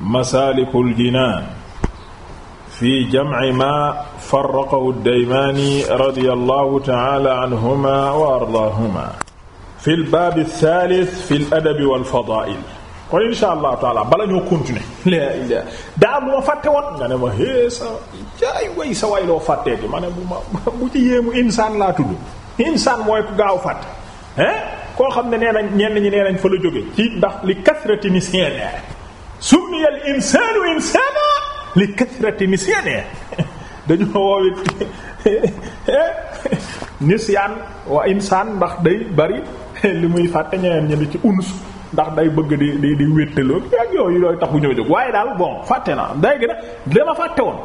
masaalikul jinaan fi jamci ma farraqahu daymaani radiyallahu ta'ala anhuma wa ardaahuma fil baabi saalis fil adabi wal fadaa'il kon insha allahu taala bala ñoo continuer la ilaa daa bu ma fàtte woon nga ne ma hee sa jaay way sa way loo fàttee di ma ne bu ma bu ci yéemu insaan laa tudd insaan mooy ku gaaw fàtte hein koo xam ne nee nañ ñenn ñi nee nañ fa la jóge ci ndax li kasrati nisyan summiya al insaanu insaana li kasrati nisyaanihi dañu woowit nisyaan wa insaan ndax day bari li muy fàtte ñeneen ñi ci uns ndax day bëgg di di di wéttaloo ak yooyu looy tax bu ñëw jóg waaye daal bon fàtte na day gën a dama fàtte woon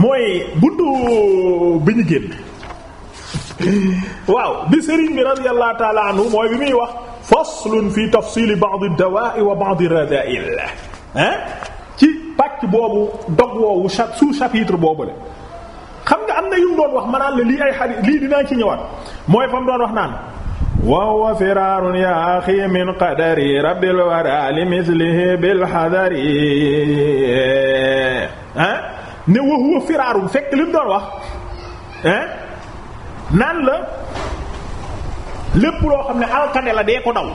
mooy buntu bi ñu génn waaw bi sëriñ bi radiyallahu ta'ala mooy bi muy wax faslun fi tafsili ba'd ad-dawa'i wa ba'd ar-rada'il hein ci pàcc boobu dog woowu sous-chapitre boobu le xam nga am na yu mu doon wax ma naan la lii ay xadiis lii dinaa ci ñëwaat mooy fa mu doon wax naan wa huwa firaarun yaa axi min qadari rabbil wara li mislihi bil hadari hein ne wa huwa firaarun fekk li mu doon wax hein naan la lépp loo xam ne alkande la dee ko daw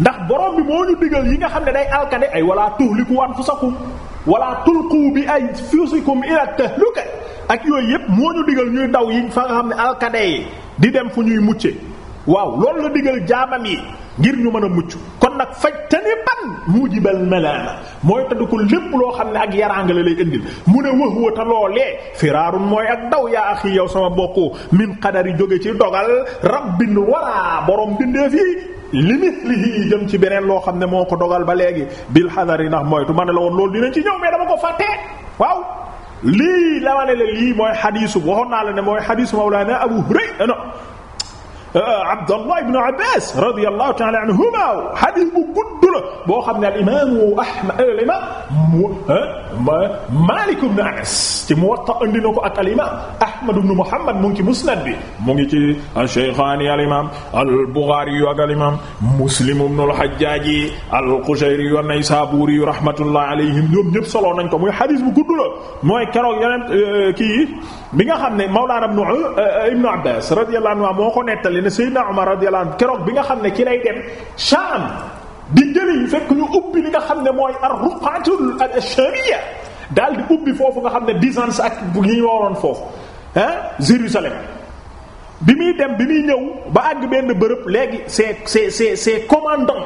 ndax borom bi moo ñu digal yi nga xam ne day alkande ay wala tuhliku anfusakum wala tulqu bi ay fusikum ila tahluka ak yooyu yëpp moo ñu digal ñuy daw yi fa nga xam ne alkande yi di dem fu ñuy mucce waaw loolu la digal jaamam yi ngir ñu mën a mucc mujibal malaama mooy tëdd ko lépp loo xam ne ak yaraanga la lay indil mu ne waxwa ta loolee mooy ak daw yaa ak yow sama bokku min qadari jóge ci dogal rabbin waraa borom bindeef yi limit lii jëm ci beneen loo xam ne moo ko dogal ba léegi bil xadari ndax moytu ma ne la woon loolu dinañ ci ñëw mais dama ko fàtte waaw lii la ma ne la lii mooy xadiisu waxoon naa la ne mooy xadiisu mawlaana Abu Hurayra Euh, Abdallah ibn Abbas radiyallahu ta'ala anhuma xadis bu gudd la boo xam ne al imaamu Ahmad al euh, imaam Maalik ibn Anas ci Muwatta andi na ko ak al imaam Ahmad ibn Muhammad mu ngi ci musnad bi mu ngi ci Shaykhaani al imaam al Bukhaari yu ak al imaam Muslim ibn al Hajjaaj al Qushayri yu an-Naysaabuuri yu rahmatullahi alayhim ñoom ñëpp solo nañ ko muy xadiis bu gudd la mooy keroog yeneen euh, kii bi nga xam ne Mawlaana euh, Ibn Abbaas radiyallahu anhu moo ko nettali ne Sayyidina Umar radiyallahu anhu keroog bi nga xam ne ci lay dem Shaam di jëli fekk ñu ubbi li nga xam ne mooy ar-ruqatul al-shamiyya daal di ubbi foofu nga xam ne Byzance ak bu ñu woon foofu ah Jérusalem bi muy dem bi muy ñëw ba àgg benn bërëb léegi c'est c'est c'est c'est commandant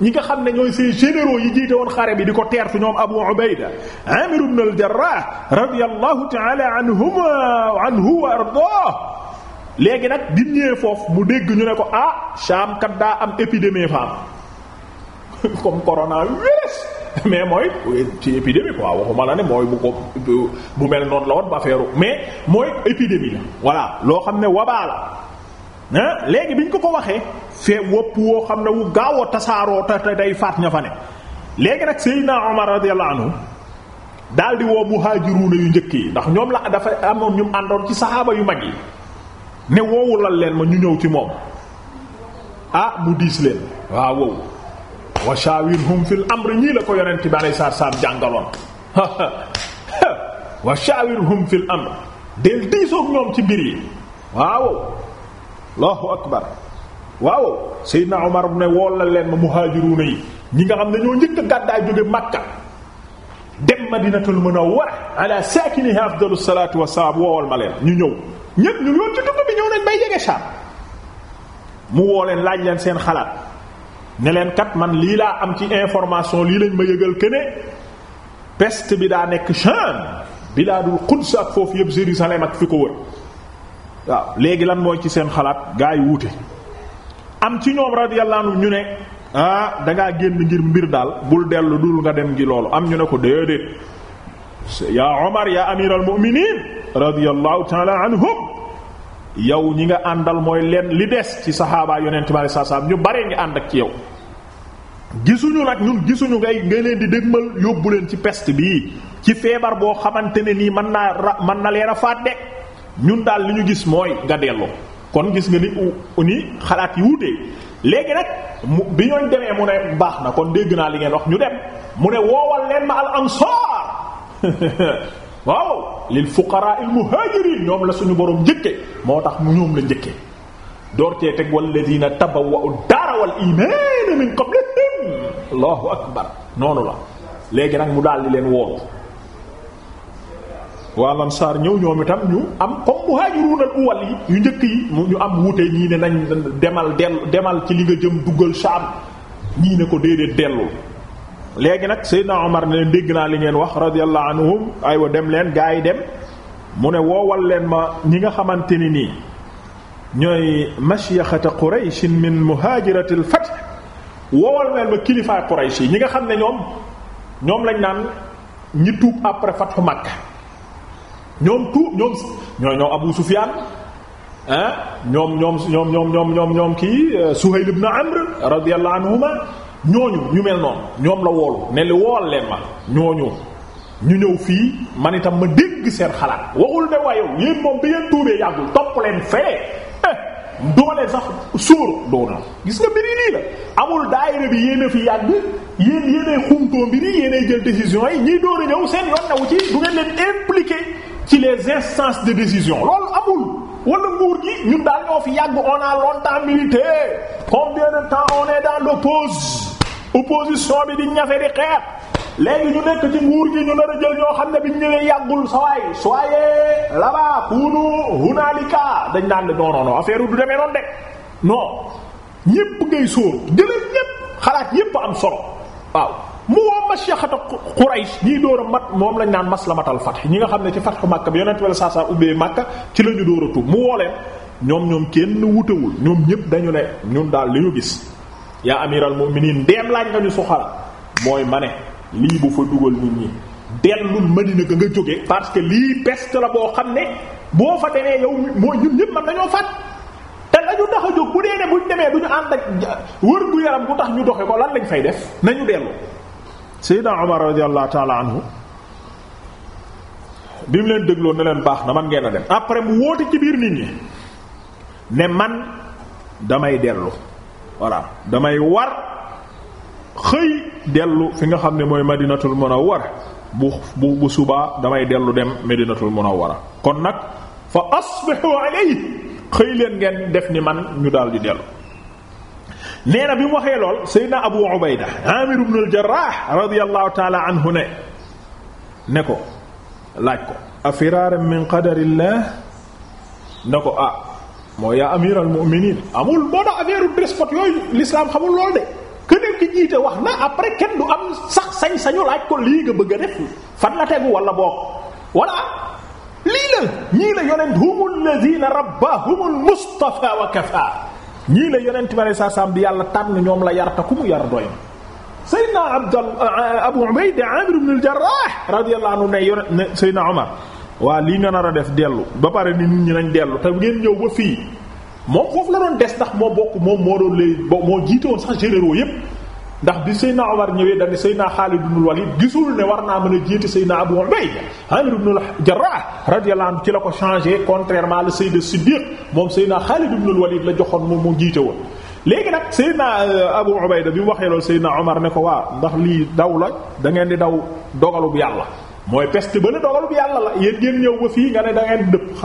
ñi nga xam ne ñooy ces généraux yi jiite woon xare bi di ko teertu ñoom Abu Ubayda Amir ibn al-Jarrah radiyallahu ta'ala anhuma wa ardaah léegi nag di ñëwee foofu mu dégg ñu ne ko ah Sham kat daa am épidémie fa comme coronavirus mais mooy ci épidémie quoi waxuma la ne mooy bu ko bu mel noonu la woon ba feeru mais mooy épidémie la voilà loo xam ne wabaa la ah léegi biñ ko ko waxee fee wopp woo xam ne wu gaaw tasaaroo te day faat ña fa ne léegi nag Seydina Omar radiyallahu anhu daal di woo muhaajiruuna yu njëkk yi ndax ñoom la dafa amoon ñu àndoon ci saxaaba yu mag yi ne woowulal leen ma ñu ñëw ci moom ah mu diis leen waaw wow wa shawirhum fil amri ñii la ko yonent bi alayhi salaam jàngaloon wa shawirhum fil amr del diisoog ñoom ci mbir yi waaw allahu akbar waaw Seydina Omar bu ne woolal leen ma muhaajiruuna yi ñi nga xam ne ñoo njëkk a gàddaay jóge Makka dem Madinatul Munawwara ala saakinihaa afdalu salaatu wassalaam woowal ma leen ñu ñëw ñépp ñu yoon ci tukki bi ñëw nañ bay jege Shaam mu woo leen laaj leen seen xalaat ne leen kat man lii laa am ci information lii lañ ma yëgal que pest bi daa nekk Sham bilaadul Quds ak foofu yëpp Jérusalem ak fi ko wër waaw léegi lan mooy ci seen xalaat gaa yi wuute am ci ñoom radiyallahu anhu ñu ne ah dangaa génn ngir mbir daal bul dellu dul nga dem gi loolu am ñu ne ko déedéet yaa Omar yaa amiral mu'minin radiyallahu ta'ala anhum yow ñi nga àndal mooy leen li des ci saxaabaa yonent ma saa saa ñu bare ngi ànd ak ci yow gisuñu nag ñun gisuñu ngay ngay di dégmal yóbbu leen ci pest bii ci feebar boo xamante ne nii mën naa ra mën na leen a faat ñun daal li ñu gis mooy nga delloo kon gis nga ni ni xalaat yi wuute léegi nag mu bi ñooñ demee mu ne baax na kon dégg naa li ngeen wax ñu dem mu ne woowal leen ma al waaw lil fuqara al muhajirin ñoom la suñu boroom njëkke moo tax mu ñoom la njëkke door cee teg walladina tabawwa'u daara wal iman min qablihim allahu akbar noonu la léegi nag mu daal di leen woo waa lansaar ñëw ñoom itam ñu am comme muhajirun al awwal yi yu njëkk yi ñu am wute ñii ne nañ demal dellu demal ci li nga jëm duggal Sham ñii ne ko déedéet dellul léegi nag Seydina Omar ne leen dégg naa li ngeen wax radiyallahu ay aywa dem leen gaa yi dem mu ne woowal leen ma ñi nga xamante ni nii ñooy mashyakhata Quraysh min muhajiratil fath woowal leen ma kilifaay Quraysh yi ñi nga xam ne ñoom ñoom lañ naan ñi tuub après fathu Makka ñoom tuub ñoom ñoom Abu ñoom ñoom ñoom ñoom ñoom ñoom ñoom kii Suhayl ibn Amr radiyallahu ñooñu ñu mel noonu ñoom la woolu ne li wool leen ma ñooñu ñu ñëw fii man itam ma dégg seen xalaat waxul ne waa yow yéen moom bi ngeen tuubee yàggul topp leen fee eh doole sax sóor doona gis nga mbiri nii la amul daayira bi yéen a fi yàgg yéen yéenay xumtoo mbiri yéenay jël décision yi ñiy door ñëw seen yoon nawu ci du ngeen leen impliqué ci les instances de décision loolu amul wala nguur gi ñun daal ñoo fi yàgg on a longtemps milité combien de temps on le pause opposition bi di ñafe di xeex léegi ñu nekk ci nguur gi ñu nar a jël ñoo xam ne biñ ñëwee yàggul sawaay soyez là-bas kuunu hunalika dañ daan ne non non affaire du demee noonu de non ñépp ngay sóor jëlee ñépp xalaat ñépp am solo waaw mu woo masyaxata Quraysh ñii door a mat moom lañ matal fat fath ñi nga xam ne ci fathu Makka bi yonent wala saa saa ubbee Makka ci la ñu door a tuub mu ñoom ñoom kenn wutewul ñoom ñépp dañu ne ñun daal li ñu gis. yaa amiral mu'minin ndeem laaj nga ñu soxal mooy ma ne lii bu fa dugal nit ñi dellul Madina ga nga jóge parce que lii peste la boo xam ne boo fa demee yow mooy ñun ñëpp man dañoo faat te lañu tax jóg bu dee ne buñ demee du ñu ànd ak wër gu yaram bu tax ñu doxe ko lan lañ fay def nañu dellu Seydina Omar radiyallahu ta'ala anhu bi mu leen dégloo ne leen baax na man ngeen a dem après mu woote ci biir nit ñi ne man damay dellu voilà damay war xëy dellu fi nga xam ne mooy madinatul munawwara bu bu bu subaa damay dellu dem madinatul munawwara kon nag fa asbihu alayhi xëy leen ngeen def ni man ñu daal di dellu nee na bi mu waxee lool seydna abu ubayda amir ibn al jarrah radiyallahu anhu ne ne ko laaj ko a firaaran min qadarillah ne ko ah mooy yaa amiral mu'minin amul boo tax affaire dress code yooyu l'islam xamul lool de que ki jiite wax na après kenn du am sax sañ-sañu ak ko lii nga bëgg a def fan la tegu wala boog wala lii la ñii la yonent humul lazina rabbahumul mustafa wa kafa ñii la yonent bare sa sam bi yàlla tànn ñoom la yarta ku mu yar doy saydna abdallah euh, abu ubayd amir ibn al jarrah radiyallahu anhu ne yonent saydna omar waa lii nga nar a def dellu ba pare ni nit ñi nañ dellu te ngeen ñëw ba fii moom foofu la doon des ndax moo bokk moom moo doon lay moo jiite woon sax généraux yépp ndax bi Seydina Omar ñëwee dañ ne Seydina Xaalid ibn Walid gisul ne war naa mën a jiite Seydina Abu Ubayda Amir ibn al-Jarrah radiyallahu anhu ci la ko changé contrairement le si biir moom Seydina Xaalid ibn Walid la joxoon moom moo jiite woon. léegi nag Seydina euh, Abu Ubayda bi mu waxee loolu Seydina Omar ne ko waa ndax lii daw la da ngeen di daw dogalu bu yàlla. mooy peste ba la dogal la yéen ngeen ñëw ba fii nga ne da ngeen dëpp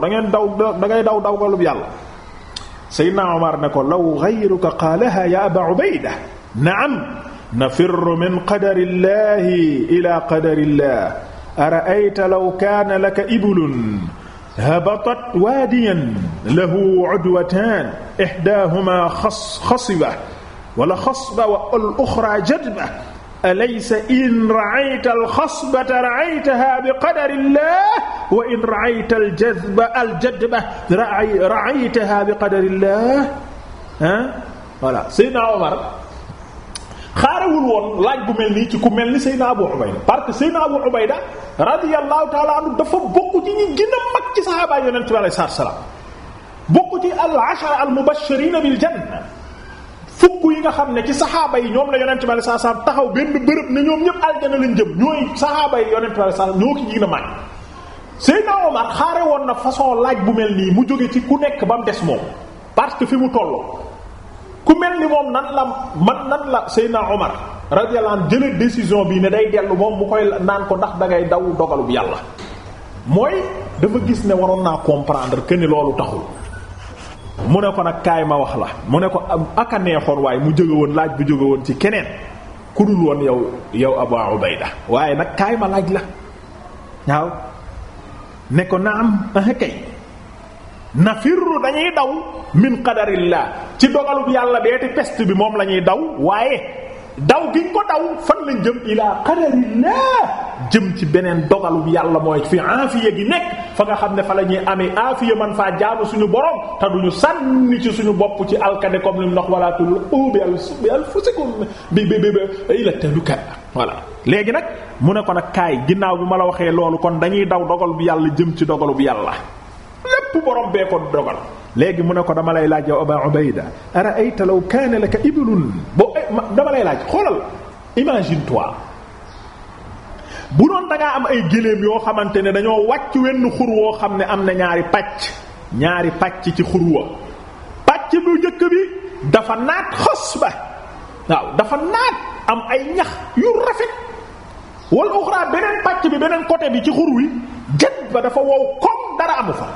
da ngeen daw da ngay daw dogalub yàlla Seydina Omar ne ko law ghayruka qaalaha ya Aba Ubayda na'am nafirru min qadarillahi ila qadarillah ara'ayta law kaana laka iblun habatat waadiyan lahu udwatan ihdahuma xas xasiba wala xasba wa al alaysa in ra'ayta alxasbata ra'aytaha bi qadari llah wa in ra'ayta aljadba aljadba ra'aytaha bi qadari llah ah voilà Seydina Omar xaarewul woon laaj bu mel nii ci ku mel ni Seydina Abu Ubayda parce que Seydina Abu Ubayda radiyallahu ta'ala anhu dafa bokk ci ñi gën a mag ci saxaaba Yonent bi alayhi salaatu wa salaam bokk ci al ashara al mubashirina bil janna fukk yi nga xam ne ci saxaaba yi ñoom la yonent bi sallallahu alayhi wasallam taxaw benn bërëb ne ñoom ñëpp aljana lañ jëm ñooy saxaaba yi yonent bi sallallahu alayhi wasallam ñoo ki gina màgg Omar xaare woon na façon laaj bu mel nii mu jóge ci ku nekk ba mu des moom parce que fi mu toll ku mel ni moom nan la man nan la Seydina Omar radiyallahu anhu jële décision bi ne day dellu moom mu koy naan ko ndax dangay daw dogalu bi yàlla mooy dafa gis ne waroon naa comprendre que ni loolu taxul mu ne ko nag kaay ma wax la mu ne ko ak a neexoon waaye mu jóge woon laaj bu jóge woon ci keneen ku dul woon yow yow Abu Ubayda waaye nag kaay ma laaj la waaw ne ko na am kay nafirru dañuy daw min qadarillah ci dogalub yàlla beeti peste bi moom la ñuy daw waaye daw gi nga ko daw fan lañ jëm ilaa qadarillah jëm ci beneen dogalu yàlla mooy fi aafiya gi nekk fa nga xam ne fa la ñuy amee aafiya man faa jaamu suñu borom te lu sànni ci suñu bopp ci alkade comme li mu ndox wala tulqu bi bi anfusikum bi bi bi voilà léegi nag mu ne ko nag kaay ginnaaw bi ma la waxee loolu kon dañuy daw dogal bi yàlla jëm ci dogalu bi yàlla lépp borom bee ko dogal léegi mu ne ko dama lay laaj yow Aba Ubayda ara'ayta law kaana laka iblun boo eh, dama lay laaj xoolal imagine toi bu doon da am ay gëléem yoo xamante ne dañoo wàcc wenn xur woo xam ne am na ñaari pàcc ñaari pàcc ci xur wa pàcc bu njëkk bi dafa naat xos ba waaw dafa naat am ay ñax yu rafet wal uxra beneen pàcc bi beneen côté bi ci xur wi jët ba dafa wow comme dara amu fa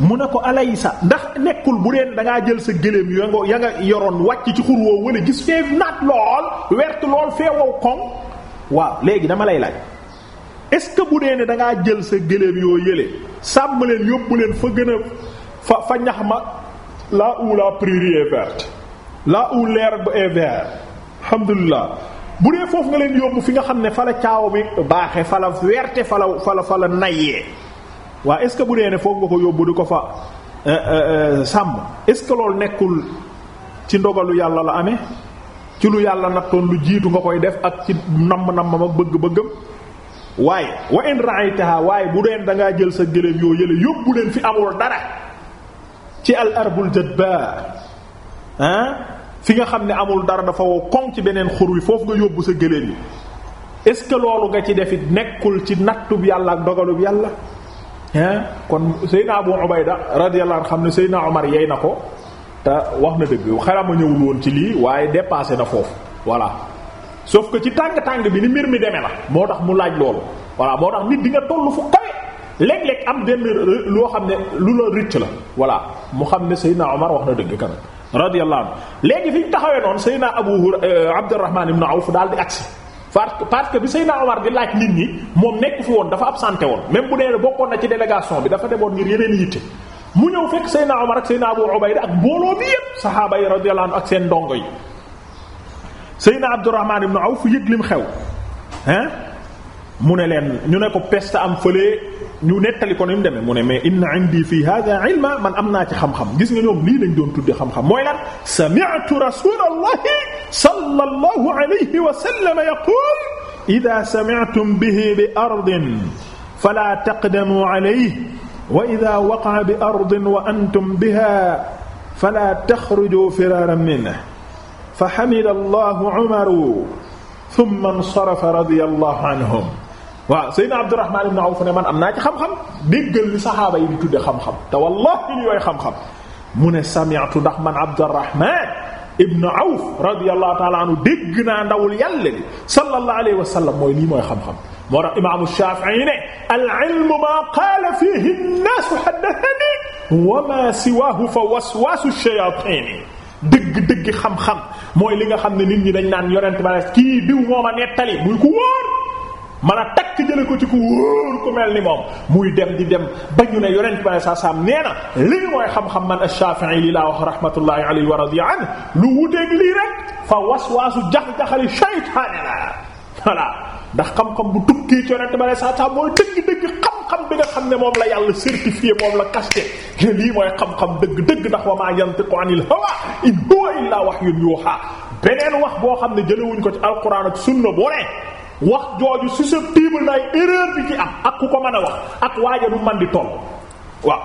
mu ne ko alaysa ndax nekkul bu deen da jël sa gëléem ya nga ya nga yoroon wàcc ci xur woo wala gis fee naat lool wert lool fee wow koŋ waaw léegi dama lay laaj est-ce que bu dee ne dangaa jël sa gëléem yoo yële sàmm leen yóbbu leen fa gën a fa fa ñax ma là où la prairie est verte là où l'herbe est bu dee foofu nga leen yóbbu fi nga xam ne fa la caaw bi baaxe fa la werte fa la fa la fa waa est-ce que bu dee ne foofu nga ko yóbbu di ko fa eh, eh, eh, sàmm est-ce loolu nekkul ci ndogalu yàlla la ame ci lu yàlla nattoon lu jiitu nga koy def ak ci namm-nammam ak bëgg-bëggam waaye wa in ra'aytaha waaye bu deen da ngaa jël sa gëléem yoo yële yóbbu leen fi amul dara ci al arbul jadba ah fi nga xam ne amul dara dafa wow koŋ ci beneen xur wi foofu nga yóbbu sa gëléem yi est-ce que loolu nga ci def it nekkul ci nattub yàlla ak dogalub yàlla kon Seydina Abu Ubayda radiyallahu anhu xam ne Seydina Omar yey na ko te wax na dëgg xelama ñëwul woon ci lii waaye dépassé na foofu voilà sauf que ci tàng-tàng bi ni mbir mi demee la moo tax mu laaj loolu voilà moo tax nit di nga toll am dem loo xam ne lu la rëcc la voilà mu xam ne Seydina Omar wax na dëgg kanam radiyallahu anhu léegi fi ñu taxawee noonu Seydina Abu eh, Abdurrahman ibn Awf daal di agsi parce que bi Seydina Omar di laaj nit ñi moom nekk fi woon dafa absenté woon même bu dee bokkoon na ci délégation bi dafa demoon ngir yeneen yitte mu ñëw fekk Seydina Omar ak Seydina Abu Ubayda ak mbooloo bi yépp saxaaba yi radiyallahu anhu ak seen ndongo yi Seydina Abdurrahman ibn fu yëg lim xew mu ne leen ñu ne ko peste am fële ñu nettali ko ni mu demee mu ne mais inna indi fi hada ilma man am naa ci xam-xam gis nga ñoom lii lañ doon tudde xam-xam mooy lan sami'tu rasulallahi sallallahu alayhi wa sallam yaqul ida sami'tum bihi bi ardin fala taqdamu alayhi wa ida waqa'a bi ardin wa antum biha fala taxruju firaran minhu fa hamida allahu umaru thumma insarafa radiyallahu anhum waaw Seydina Abdurrahman ibn Awf ne man am naa ci xam-xam déggal li saxaaba yi di tudde xam-xam te wallahi ñu yooy xam-xam mu ne sami'tu ndax man Abdurrahman ibn Awf radiyallahu ta'ala anhu dégg naa ndawul yàlla li sallallahu alayhi wa sallam mooy lii mooy xam-xam moo tax imaamu Shaafi'i ne al-ilmu maa qaala fiihi an-naasu haddathanii wa maa siwaahu fa waswaasu shayaatiin dëgg-dëgg xam-xam mooy li nga xam ne nit ñi dañ naan yonent ba kii diw moo ma nettali muy ku wóor man a takk jële ko ci ku wóor ku mel ni moom muy dem di dem ba ñu ne yonent bi saa saam nee na lii mooy xam-xam man ash-Shafi'i li laa wax rahmatullahi alayhi wa radiya an lu wuteeg lii rek fa waswaasu jax-jaxali shaytaani la voilà ndax xam-xam bu tukkii ci yonent bi saa saam mooy dëgg-dëgg xam-xam bi nga xam ne moom la yàlla certifié moom la casté ne lii mooy xam-xam dëgg-dëgg ndax wa maa yantiqu anil hawa in huwa illaa wahyun yuuhaa beneen wax boo xam ne jëlewuñ ko ci alquran ak sunna boo ne wax jooju susceptible na ay erreur bi ci am ak ku ko mën a wax ak waaja man di toll waaw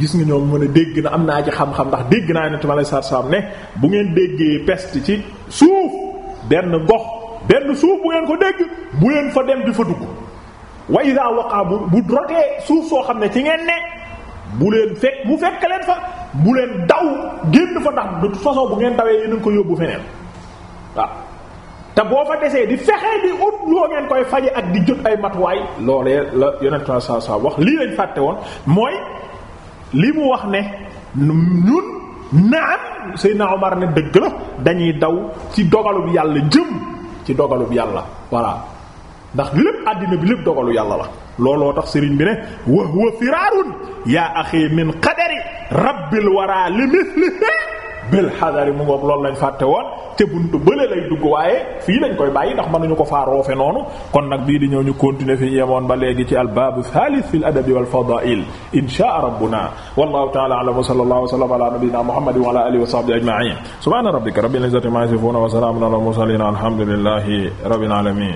gis nga ñoom mën a dégg na am naa ci xam-xam ndax dégg naa ne tamit saa saa ne bu ngeen déggee peste ci suuf benn gox benn suuf bu ngeen ko dégg bu leen fa dem di fa dugg wa iza waqa bu bu rotee suuf soo xam ne ci ngeen ne bu leen fekk mu fekk leen fa bu leen daw génn fa ndax de toute façon bu ngeen dawee yéen a ko yóbbu feneen waaw. te boo fa desee di fexee di ut loo ngeen koy faje ak di jot ay matuwaay loolee la yonent na saa saa wax lii leen fàtte woon mooy li mu wax ne ñun naan Seydina Omar ne dëgg la dañuy daw ci dogalu bi yàlla jëm ci dogalu bi yàlla voilà ndax lépp àddina bi lépp dogalu yàlla la looloo tax sëriñ bi ne wa huwa firaarun yaa axi min qadari rabbil wara li mithlihi bil xadari mu ngoog loolu lañ fàtte woon te buntu bële lay dugg waaye fii lañ koy bàyyi ndax mënuñu ko faa roofe noonu kon nag bii di ñëw ñu continuer fi yemoon ba léegi ci albaabu thalith fi l adabi wal fadail inshaa rabbuna wallahu ta'ala a'lam wa sallallahu wa sallama ala nabiyyina muhammadin wa ala alihi wa sahbihi ajma'in